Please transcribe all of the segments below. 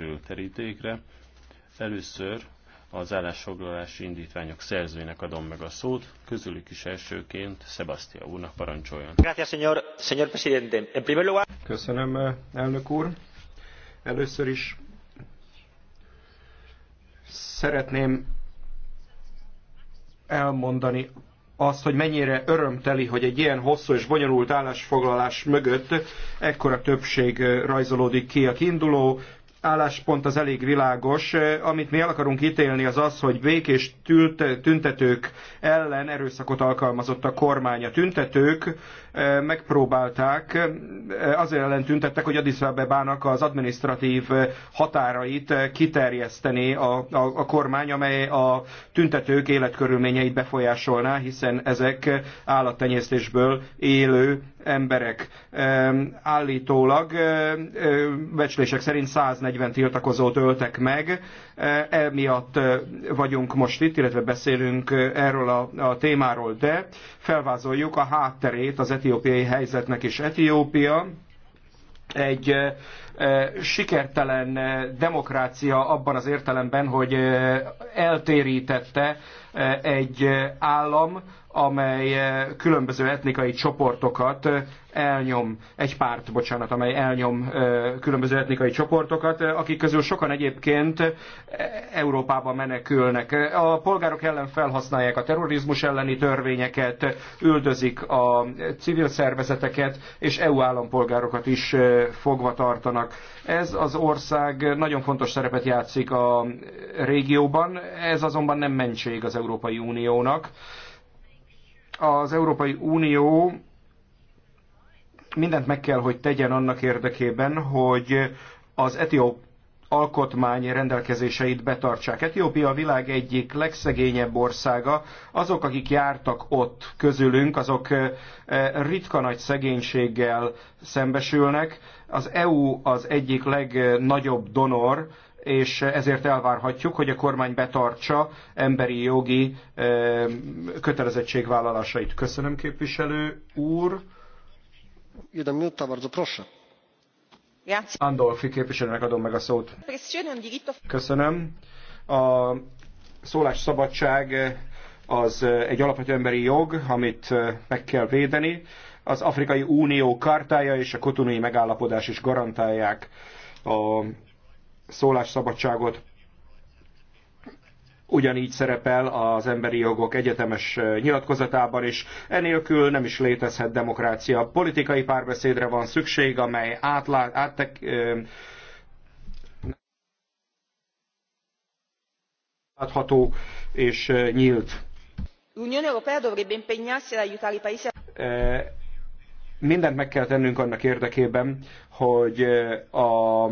kerül terítékre. Először az állásfoglalási indítványok szerzőinek adom meg a szót, közülük is elsőként Sebastia úrnak parancsoljon. Köszönöm, elnök úr. Először is szeretném elmondani azt, hogy mennyire örömteli, hogy egy ilyen hosszú és bonyolult állásfoglalás mögött ekkora többség rajzolódik ki a kiinduló álláspont az elég világos. Amit mi el akarunk ítélni az az, hogy békés tüntetők ellen erőszakot alkalmazott a kormány. A tüntetők megpróbálták, azért ellen tüntettek, hogy Addis Abebának az administratív határait kiterjeszteni a, a, a kormány, amely a tüntetők életkörülményeit befolyásolná, hiszen ezek állattenyésztésből élő emberek. Állítólag becslések szerint 140 tiltakozót öltek meg, emiatt vagyunk most itt, illetve beszélünk erről a, a témáról, de felvázoljuk a hátterét az etiópiai helyzetnek is. Etiópia egy sikertelen demokrácia abban az értelemben, hogy eltérítette egy állam amely eh, különböző etnikai csoportokat eh, elnyom, egy párt, bocsánat, amely elnyom eh, különböző etnikai csoportokat, akik közül sokan egyébként Európába menekülnek. A polgárok ellen felhasználják a terrorizmus elleni törvényeket, üldözik a civil szervezeteket, és EU állampolgárokat is fogva tartanak. Ez az ország nagyon fontos szerepet játszik a régióban, ez azonban nem mentség az Európai Uniónak. Az Európai Unió mindent meg kell, hogy tegyen annak érdekében, hogy az etióp alkotmány rendelkezéseit betartsák. Etiópia a világ egyik legszegényebb országa. Azok, akik jártak ott közülünk, azok eh, ritka nagy szegénységgel szembesülnek. Az EU az egyik legnagyobb donor, és ezért elvárhatjuk, hogy a kormány betartsa emberi jogi kötelezettségvállalásait. Köszönöm, képviselő úr. Jeden minuta, bardzo proszę. Andolfi képviselőnek adom meg a szót. Köszönöm. A szólásszabadság az egy alapvető emberi jog, amit meg kell védeni. Az Afrikai Unió kartája és a kotonai megállapodás is garantálják a szólásszabadságot, ugyanígy szerepel az emberi jogok egyetemes nyilatkozatában is. Enélkül nem is létezhet demokrácia. Politikai párbeszédre van szükség, amely átlát, áttek, és nyílt. L'Unione Europea dovrebbe impegnarsi ad aiutare i paesi mindent meg kell tennünk annak érdekében, hogy a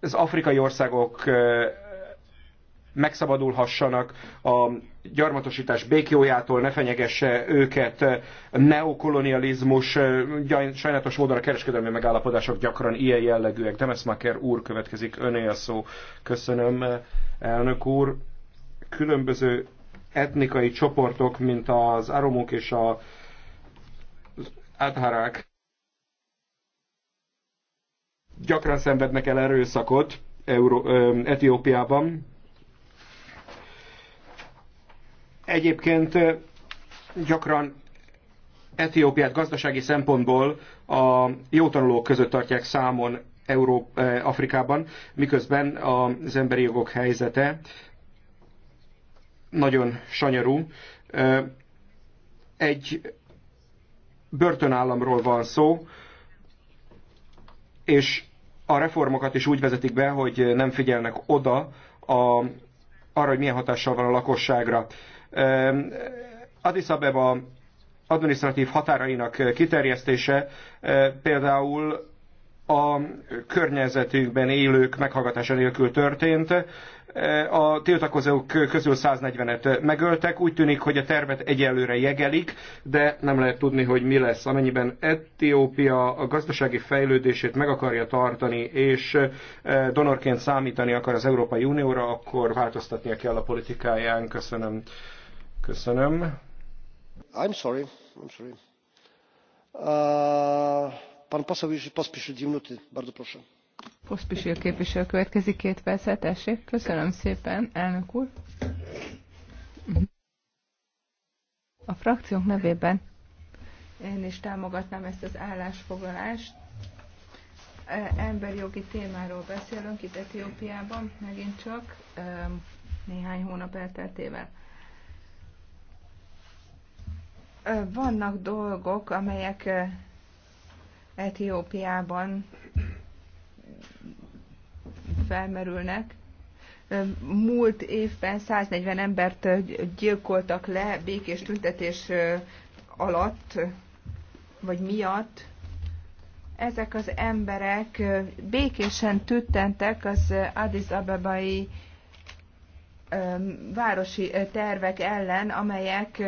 az afrikai országok megszabadulhassanak a gyarmatosítás békjójától, ne fenyegesse őket a neokolonializmus, sajnálatos módon a kereskedelmi megállapodások gyakran ilyen jellegűek. Demeszmaker úr következik, öné a szó. Köszönöm, elnök úr. Különböző etnikai csoportok, mint az aromok és a, az gyakran szenvednek el erőszakot Euró, ö, Etiópiában. Egyébként gyakran Etiópiát gazdasági szempontból a jó tanulók között tartják számon Európ, Afrikában, miközben az emberi jogok helyzete nagyon sanyarú. Egy börtönállamról van szó, és a reformokat is úgy vezetik be, hogy nem figyelnek oda a, arra, hogy milyen hatással van a lakosságra. Ehm, Addis Abeba administratív határainak kiterjesztése e, például a környezetükben élők meghallgatása nélkül történt, a tiltakozók közül 140-et megöltek. Úgy tűnik, hogy a tervet egyelőre jegelik, de nem lehet tudni, hogy mi lesz. Amennyiben Etiópia a gazdasági fejlődését meg akarja tartani, és e, donorként számítani akar az Európai Unióra, akkor változtatnia kell a politikáján. Köszönöm. Köszönöm. I'm sorry. I'm sorry. Uh, pan poseł Jerzy minuty. Bardzo proszę Poszpisil képviselő következik két percet, tessék. Köszönöm szépen, elnök úr. A frakciók nevében én is támogatnám ezt az állásfoglalást. E, emberi jogi témáról beszélünk itt Etiópiában, megint csak e, néhány hónap elteltével. E, vannak dolgok, amelyek Etiópiában felmerülnek. Múlt évben 140 embert gyilkoltak le békés tüntetés alatt, vagy miatt. Ezek az emberek békésen tüttentek az Addis Abebai városi tervek ellen, amelyek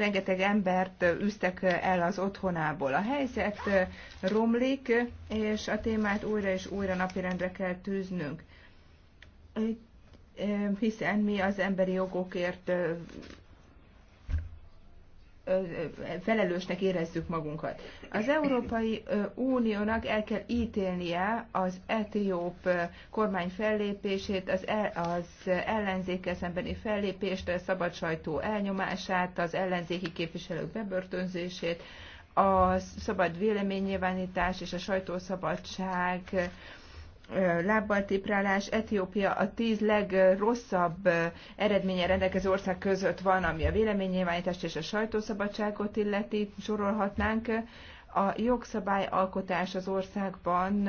rengeteg embert üztek el az otthonából. A helyzet romlik, és a témát újra és újra napirendre kell tűznünk, hiszen mi az emberi jogokért felelősnek érezzük magunkat. Az Európai Uniónak el kell ítélnie az etióp kormány fellépését, az, el, az ellenzéke szembeni fellépést, a szabad sajtó elnyomását, az ellenzéki képviselők bebörtönzését, a szabad véleménynyilvánítás és a sajtószabadság lábbal tiprálás, Etiópia a tíz legrosszabb eredménye rendelkező ország között van, ami a véleménynyilvánítást és a sajtószabadságot illeti, sorolhatnánk. A jogszabályalkotás az országban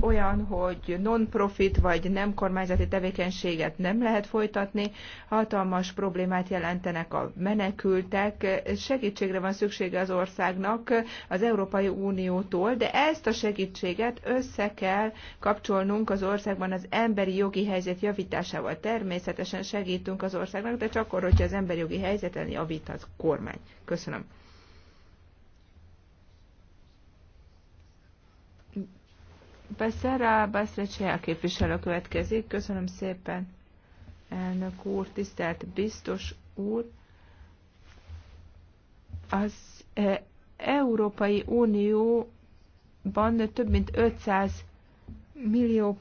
olyan, hogy non-profit vagy nem kormányzati tevékenységet nem lehet folytatni, hatalmas problémát jelentenek a menekültek, segítségre van szüksége az országnak az Európai Uniótól, de ezt a segítséget össze kell kapcsolnunk az országban az emberi jogi helyzet javításával. Természetesen segítünk az országnak, de csak akkor, hogyha az emberi jogi helyzeten javít az kormány. Köszönöm. Beszrecse a képviselő következik. Köszönöm szépen, elnök úr, tisztelt biztos úr. Az e, Európai Unióban több mint 500 millió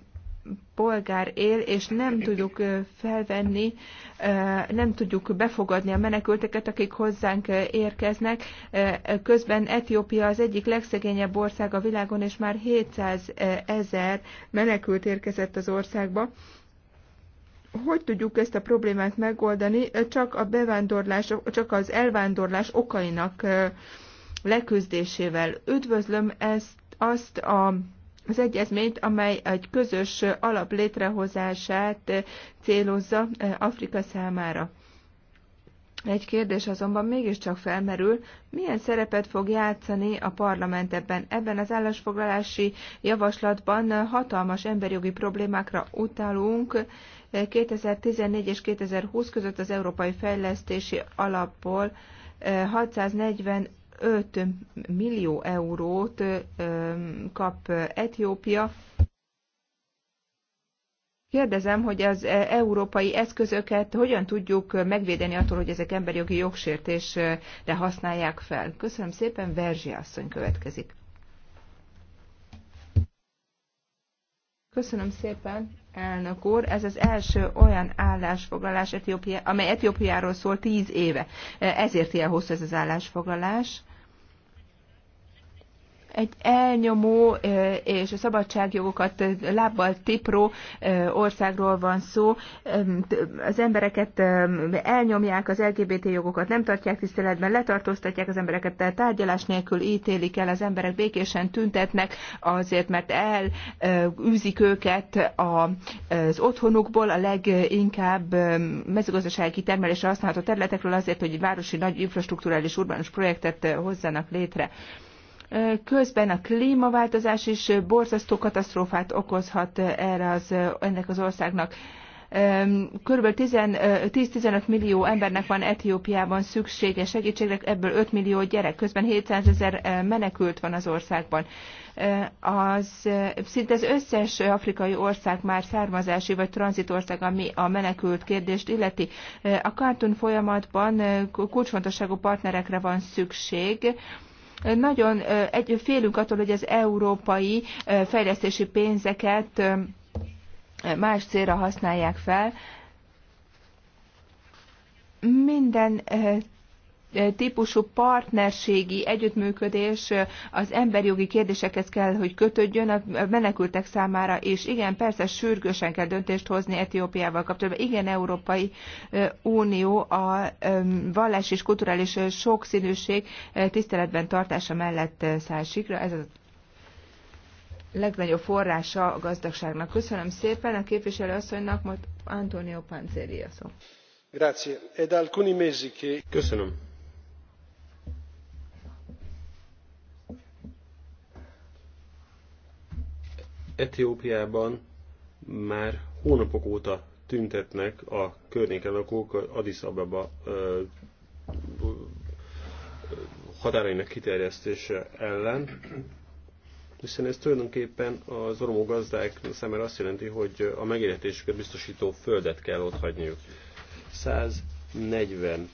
polgár él, és nem tudjuk felvenni, nem tudjuk befogadni a menekülteket, akik hozzánk érkeznek. Közben Etiópia az egyik legszegényebb ország a világon, és már 700 ezer menekült érkezett az országba. Hogy tudjuk ezt a problémát megoldani? Csak a bevándorlás, csak az elvándorlás okainak leküzdésével. Üdvözlöm ezt, azt a az egyezményt, amely egy közös alap létrehozását célozza eh, Afrika számára. Egy kérdés azonban mégiscsak felmerül, milyen szerepet fog játszani a parlament ebben. Ebben az állásfoglalási javaslatban hatalmas emberjogi problémákra utalunk. 2014 eh, és 2020 között az Európai Fejlesztési Alapból 640 eh, 5 millió eurót kap Etiópia. Kérdezem, hogy az e, európai eszközöket hogyan tudjuk megvédeni attól, hogy ezek emberi jogi jogsértésre használják fel. Köszönöm szépen, Verzsi asszony következik. Köszönöm szépen, elnök úr. Ez az első olyan állásfoglalás, Etiópia, amely Etiópiáról szól tíz éve. Ezért ilyen hosszú ez az állásfoglalás egy elnyomó és a szabadságjogokat lábbal tipró országról van szó. Az embereket elnyomják, az LGBT jogokat nem tartják tiszteletben, letartóztatják az embereket, tárgyalás nélkül ítélik el, az emberek békésen tüntetnek azért, mert elűzik őket az otthonukból, a leginkább mezőgazdasági termelésre használható területekről azért, hogy városi nagy infrastruktúrális urbanus projektet hozzanak létre. Közben a klímaváltozás is borzasztó katasztrófát okozhat erre az, ennek az országnak. Körülbelül 10-15 millió embernek van Etiópiában szüksége segítségre, ebből 5 millió gyerek, közben 700 ezer menekült van az országban. Az, szinte az összes afrikai ország már származási vagy tranzitország, ami a menekült kérdést illeti. A Cartoon folyamatban kulcsfontosságú partnerekre van szükség, nagyon egy, félünk attól, hogy az európai fejlesztési pénzeket más célra használják fel, minden típusú partnerségi együttműködés az emberi jogi kérdésekhez kell, hogy kötődjön a menekültek számára, és igen, persze sürgősen kell döntést hozni Etiópiával kapcsolatban. Igen, Európai Unió a vallás és kulturális sokszínűség tiszteletben tartása mellett száll sikra. Ez a legnagyobb forrása a gazdagságnak. Köszönöm szépen a képviselő asszonynak, majd Antonio Panzeri szó. Grazie. Ed alcuni mesi che... Köszönöm Etiópiában már hónapok óta tüntetnek a környéken lakók Addis Ababa határainak kiterjesztése ellen, hiszen ez tulajdonképpen az oromó gazdák számára azt jelenti, hogy a megélhetésüket biztosító földet kell ott hagyniuk. 140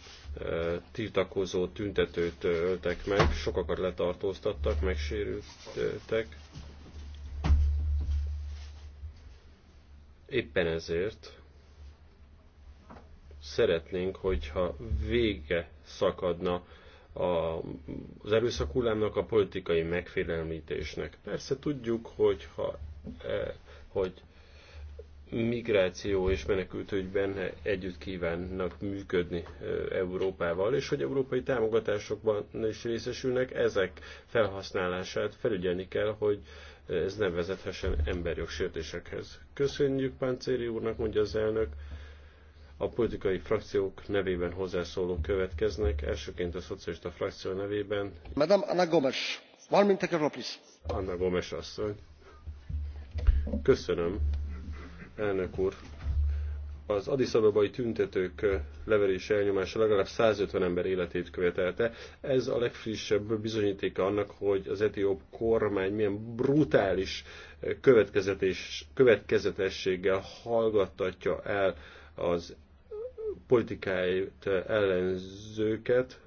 tiltakozó tüntetőt öltek meg, sokakat letartóztattak, megsérültek, Éppen ezért szeretnénk, hogyha vége szakadna a, az erőszak hullámnak, a politikai megfélelmítésnek. Persze tudjuk, hogy ha, eh, hogy migráció és menekültügyben együtt kívánnak működni e, Európával, és hogy európai támogatásokban is részesülnek, ezek felhasználását felügyelni kell, hogy ez nem vezethessen emberjogsértésekhez. Köszönjük Páncéri úrnak, mondja az elnök. A politikai frakciók nevében hozzászólók következnek, elsőként a szocialista frakció nevében. Madame Anna Gomes, valamint a Anna Gomes asszony. Köszönöm, elnök úr az Addis Abebai tüntetők leverése elnyomása legalább 150 ember életét követelte. Ez a legfrissebb bizonyítéka annak, hogy az etióp kormány milyen brutális következetességgel hallgattatja el az politikáit ellenzőket,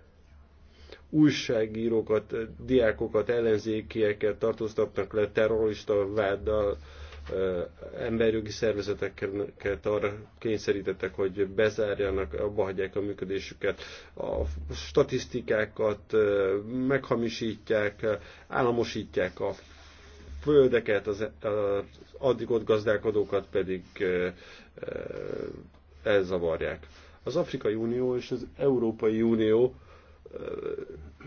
újságírókat, diákokat, ellenzékieket tartóztatnak le terrorista váddal, emberjogi szervezeteket arra kényszerítettek, hogy bezárjanak, abba hagyják a működésüket, a statisztikákat meghamisítják, államosítják a földeket, az, az addig ott gazdálkodókat pedig elzavarják. Az Afrikai Unió és az Európai Unió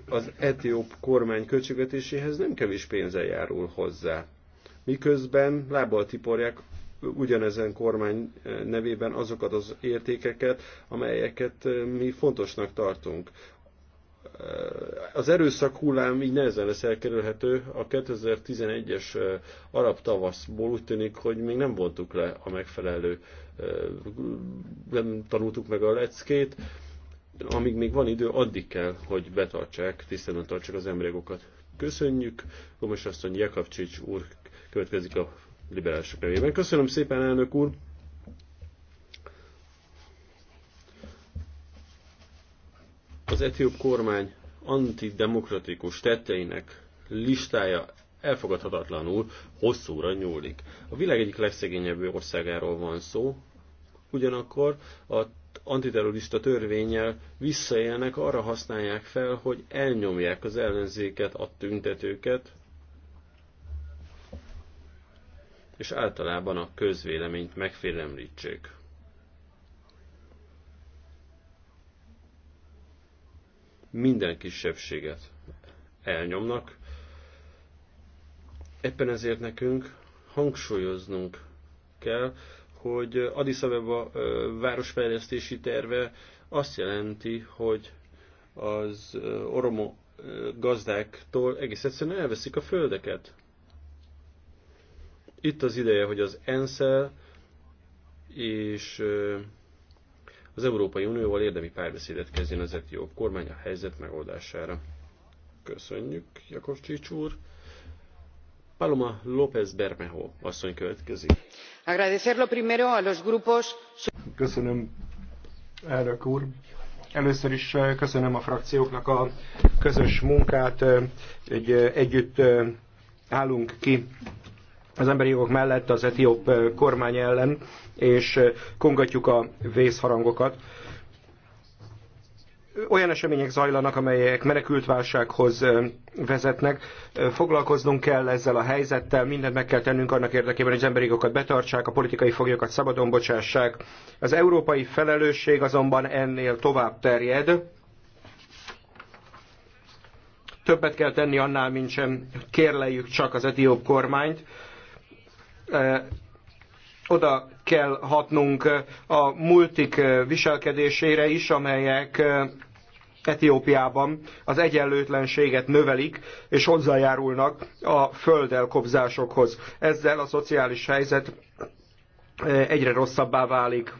az etióp kormány költségvetéséhez nem kevés pénzzel járul hozzá miközben lábbal tiporják ugyanezen kormány eh, nevében azokat az értékeket, amelyeket eh, mi fontosnak tartunk. Eh, az erőszak hullám így nehezen lesz elkerülhető. A 2011-es arab tavaszból úgy tűnik, hogy még nem vontuk le a megfelelő, nem tanultuk meg a leckét. Amíg még van idő, addig kell, hogy betartsák, tiszteletben tartsák az emberi Köszönjük, Gomes asszony Jakabcsics úr Következik a liberálisok nevében. Köszönöm szépen, elnök úr! Az etióp kormány antidemokratikus tetteinek listája elfogadhatatlanul hosszúra nyúlik. A világ egyik legszegényebb országáról van szó, ugyanakkor a antiterrorista törvényel visszaélnek, arra használják fel, hogy elnyomják az ellenzéket, a tüntetőket, és általában a közvéleményt megfélemlítsék. Minden kisebbséget elnyomnak, éppen ezért nekünk hangsúlyoznunk kell, hogy Addis Abeba városfejlesztési terve azt jelenti, hogy az oromo gazdáktól egész egyszerűen elveszik a földeket. Itt az ideje, hogy az ensz és az Európai Unióval érdemi párbeszédet kezdjen az etióp kormány a helyzet megoldására. Köszönjük, Jakovcsics úr! Paloma López Bermejo asszony következik. Köszönöm, elnök úr. Először is köszönöm a frakcióknak a közös munkát, hogy együtt állunk ki az emberi jogok mellett az etióp kormány ellen, és kongatjuk a vészharangokat. Olyan események zajlanak, amelyek menekültválsághoz vezetnek. Foglalkoznunk kell ezzel a helyzettel, mindent meg kell tennünk annak érdekében, hogy az emberi jogokat betartsák, a politikai foglyokat szabadon bocsássák. Az európai felelősség azonban ennél tovább terjed többet kell tenni annál, mint sem kérleljük csak az etióp kormányt. E, oda kell hatnunk e, a multik e, viselkedésére is, amelyek Etiópiában az egyenlőtlenséget növelik és hozzájárulnak a földelkobzásokhoz. Ezzel a szociális helyzet egyre rosszabbá válik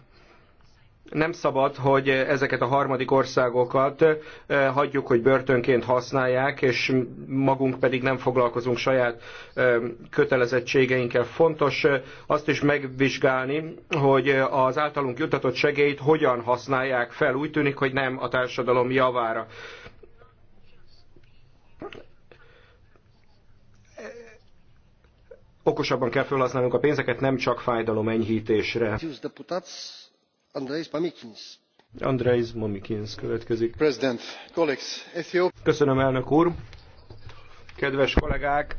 nem szabad, hogy ezeket a harmadik országokat eh, hagyjuk, hogy börtönként használják, és magunk pedig nem foglalkozunk saját eh, kötelezettségeinkkel. Fontos eh, azt is megvizsgálni, hogy az általunk jutatott segélyt hogyan használják fel. Úgy tűnik, hogy nem a társadalom javára. Okosabban kell felhasználnunk a pénzeket, nem csak fájdalom enyhítésre. Andrei Mamikins. következik. Köszönöm, elnök úr. Kedves kollégák,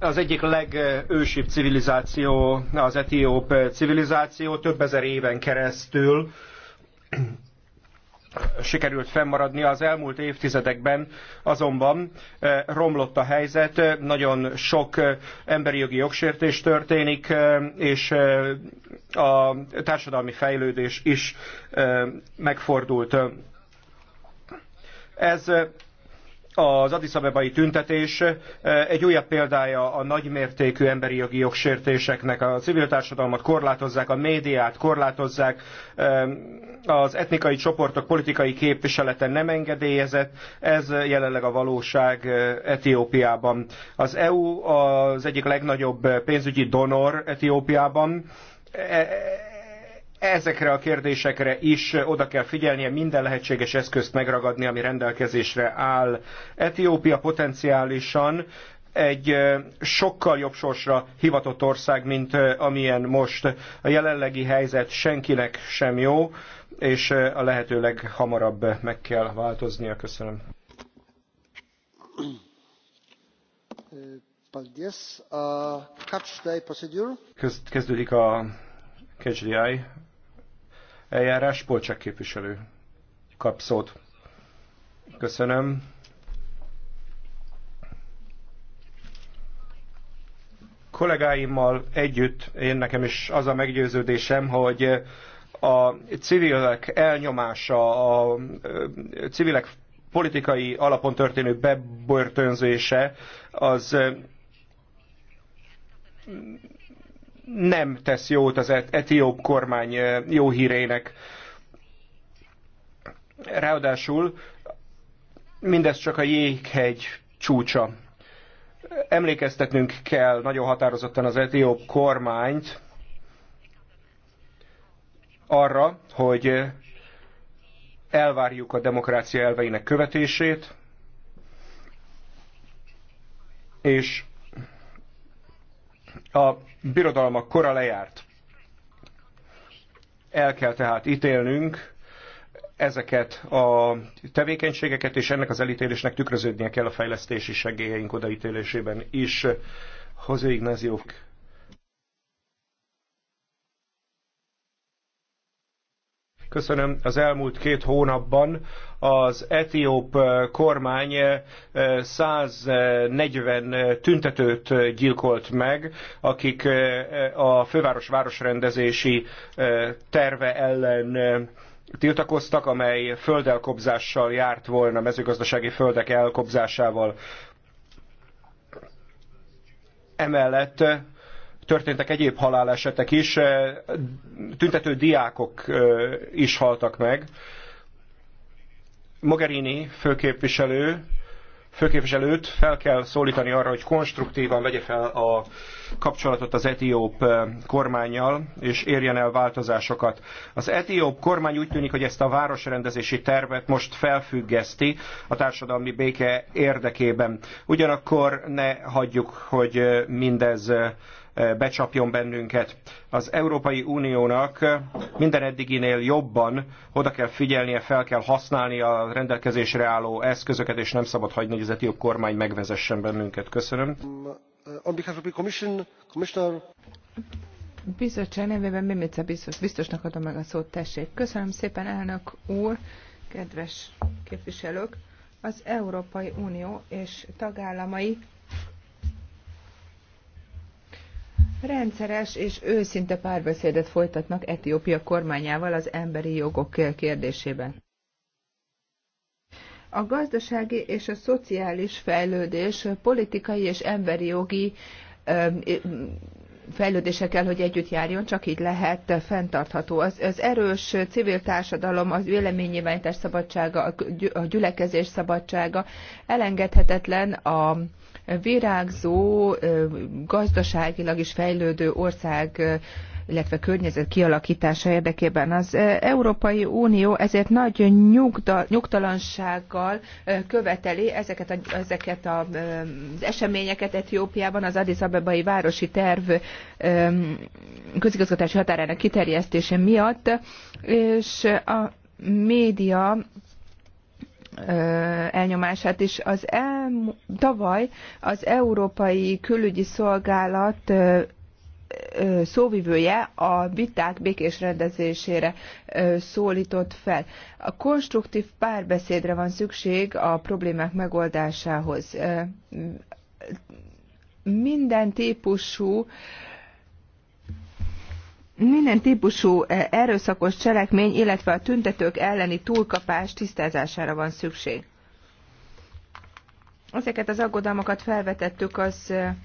az egyik legősibb civilizáció, az etióp civilizáció, több ezer éven keresztül sikerült fennmaradni. Az elmúlt évtizedekben azonban eh, romlott a helyzet, eh, nagyon sok eh, emberi jogi jogsértés történik, és a társadalmi fejlődés is megfordult. Ez az Addis Abebai tüntetés eh, egy újabb példája a nagymértékű emberi jogi jogsértéseknek. A civil társadalmat korlátozzák, a médiát korlátozzák, eh, az etnikai csoportok politikai képviselete nem engedélyezett. Ez jelenleg a valóság eh, Etiópiában. Az EU az egyik legnagyobb pénzügyi donor Etiópiában e, ezekre a kérdésekre is oda kell figyelnie, minden lehetséges eszközt megragadni, ami rendelkezésre áll. Etiópia potenciálisan egy sokkal jobb sorsra hivatott ország, mint amilyen most. A jelenlegi helyzet senkinek sem jó, és a lehető leghamarabb meg kell változnia. Köszönöm. Uh, uh, kezdődik a KGI eljárás. Polcsák képviselő kap szót. Köszönöm. kollégáimmal együtt, én nekem is az a meggyőződésem, hogy a civilek elnyomása, a civilek politikai alapon történő bebörtönzése az nem tesz jót az etióp kormány eh, jó hírének. Ráadásul mindez csak a jéghegy csúcsa. Emlékeztetnünk kell nagyon határozottan az etióp kormányt arra, hogy eh, elvárjuk a demokrácia elveinek követését, és a birodalmak kora lejárt. El kell tehát ítélnünk ezeket a tevékenységeket, és ennek az elítélésnek tükröződnie kell a fejlesztési segélyeink odaítélésében is. José Ignaziók Köszönöm. Az elmúlt két hónapban az etióp eh, kormány 140 eh, eh, tüntetőt gyilkolt meg, akik a főváros városrendezési terve ellen tiltakoztak, amely földelkobzással járt volna, mezőgazdasági földek elkobzásával. Emellett történtek egyéb halálesetek is, eh, tüntető diákok eh, is haltak meg. Mogherini főképviselő, főképviselőt fel kell szólítani arra, hogy konstruktívan vegye fel a kapcsolatot az etióp eh, kormányjal, és érjen el változásokat. Az etióp kormány úgy tűnik, hogy ezt a városrendezési tervet most felfüggeszti a társadalmi béke érdekében. Ugyanakkor ne hagyjuk, hogy mindez becsapjon bennünket. Az Európai Uniónak minden eddiginél jobban oda kell figyelnie, fel kell használni a rendelkezésre álló eszközöket, és nem szabad hagyni, hogy az etióp kormány megvezessen bennünket. Köszönöm. On behalf of the commission, commissioner... Bizottság nevében Mimica biztos, biztosnak adom meg a szót, tessék. Köszönöm szépen, elnök úr, kedves képviselők! Az Európai Unió és tagállamai Rendszeres és őszinte párbeszédet folytatnak Etiópia kormányával az emberi jogok kérdésében. A gazdasági és a szociális fejlődés politikai és emberi jogi fejlődésekkel, hogy együtt járjon, csak így lehet fenntartható. Az, az erős civil társadalom, az véleménynyilvánítás szabadsága, a gyülekezés szabadsága elengedhetetlen a virágzó, gazdaságilag is fejlődő ország illetve környezet kialakítása érdekében. Az Európai Unió ezért nagy nyugda, nyugtalansággal követeli ezeket, a, ezeket a, az eseményeket Etiópiában az Addis Abebai Városi Terv közigazgatási határának kiterjesztése miatt, és a média elnyomását is. Az el, tavaly az Európai Külügyi Szolgálat szóvivője a viták békés rendezésére szólított fel. A konstruktív párbeszédre van szükség a problémák megoldásához. Minden típusú minden típusú e, erőszakos cselekmény, illetve a tüntetők elleni túlkapás tisztázására van szükség. Ezeket az aggodalmakat felvetettük az, e,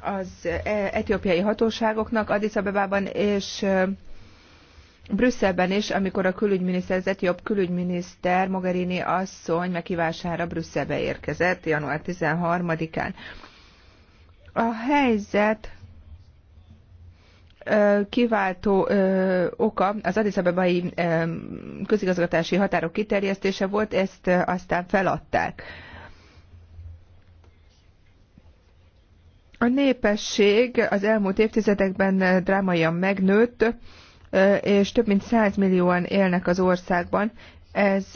az e, etiópiai hatóságoknak Addis Abebában és Brüsszelben is, amikor a külügyminiszter, az etióp külügyminiszter Mogherini asszony meghívására Brüsszelbe érkezett január 13-án. A helyzet kiváltó oka az Addis közigazgatási határok kiterjesztése volt, ezt aztán feladták. A népesség az elmúlt évtizedekben drámaian megnőtt, és több mint 100 millióan élnek az országban. Ez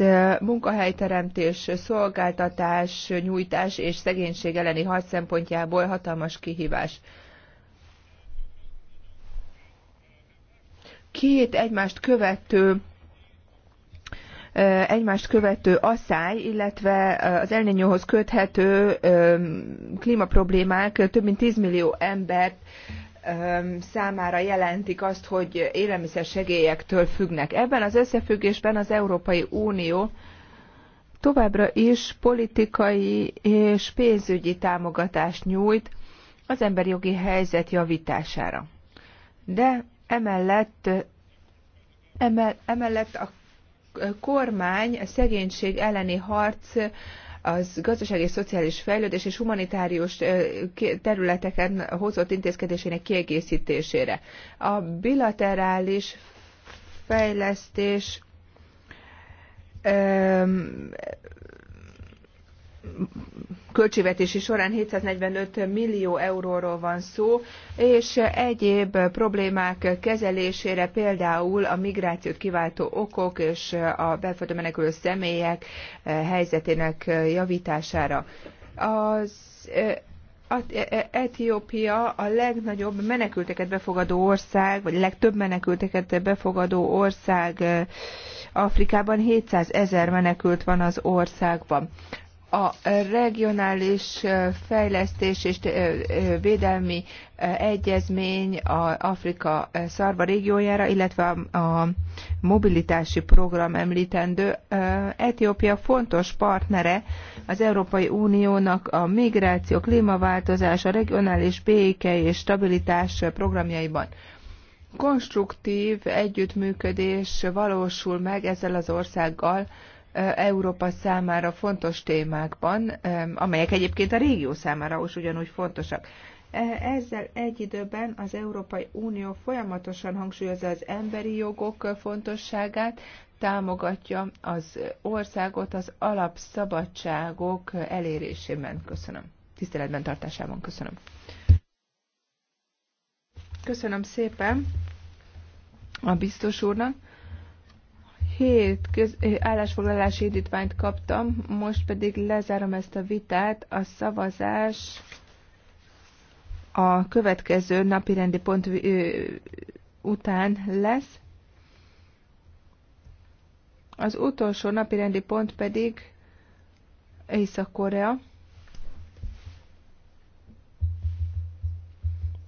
munkahelyteremtés, szolgáltatás, nyújtás és szegénység elleni harc szempontjából hatalmas kihívás. két egymást követő egymást követő asszály, illetve az elnényóhoz köthető klímaproblémák több mint 10 millió embert számára jelentik azt, hogy élelmiszer segélyektől függnek. Ebben az összefüggésben az Európai Unió továbbra is politikai és pénzügyi támogatást nyújt az emberi jogi helyzet javítására. De Emellett, emellett a kormány a szegénység elleni harc az gazdasági és szociális fejlődés és humanitárius területeken hozott intézkedésének kiegészítésére. A bilaterális fejlesztés költségvetési során 745 millió euróról van szó, és egyéb problémák kezelésére például a migrációt kiváltó okok és a belföldön menekülő személyek eh, helyzetének eh, javítására. Az eh, Etiópia a legnagyobb menekülteket befogadó ország, vagy legtöbb menekülteket befogadó ország Afrikában 700 ezer menekült van az országban a regionális fejlesztés és védelmi egyezmény a Afrika szarva régiójára, illetve a mobilitási program említendő. Etiópia fontos partnere az Európai Uniónak a migráció, klímaváltozás, a regionális béke és stabilitás programjaiban konstruktív együttműködés valósul meg ezzel az országgal Európa számára fontos témákban, amelyek egyébként a régió számára is ugyanúgy fontosak. Ezzel egy időben az Európai Unió folyamatosan hangsúlyozza az emberi jogok fontosságát, támogatja az országot az alapszabadságok elérésében. Köszönöm. Tiszteletben tartásában köszönöm. Köszönöm szépen a biztos úrnak hét köz, eh, állásfoglalási indítványt kaptam, most pedig lezárom ezt a vitát. A szavazás a következő napi rendi pont után lesz. Az utolsó napi rendi pont pedig Észak-Korea.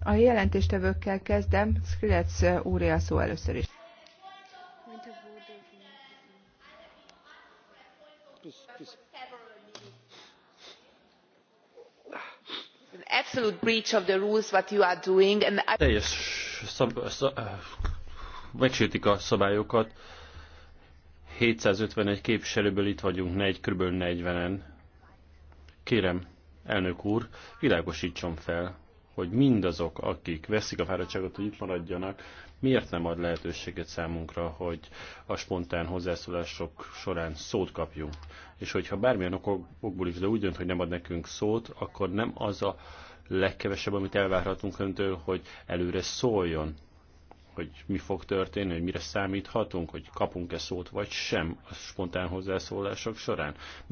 A jelentéstevőkkel kezdem, Skrilec úr a szó először is absolute breach of the rules what you are doing and I... teljes szab, szab, eh, megsértik a szabályokat. 751 képviselőből itt vagyunk, negy, kb. 40-en. Kérem, elnök úr, világosítson fel hogy mindazok, akik veszik a fáradtságot, hogy itt maradjanak, miért nem ad lehetőséget számunkra, hogy a spontán hozzászólások során szót kapjunk. És hogyha bármilyen okból is, de úgy dönt, hogy nem ad nekünk szót, akkor nem az a legkevesebb, amit elvárhatunk öntől, hogy előre szóljon, hogy mi fog történni, hogy mire számíthatunk, hogy kapunk-e szót vagy sem a spontán hozzászólások során.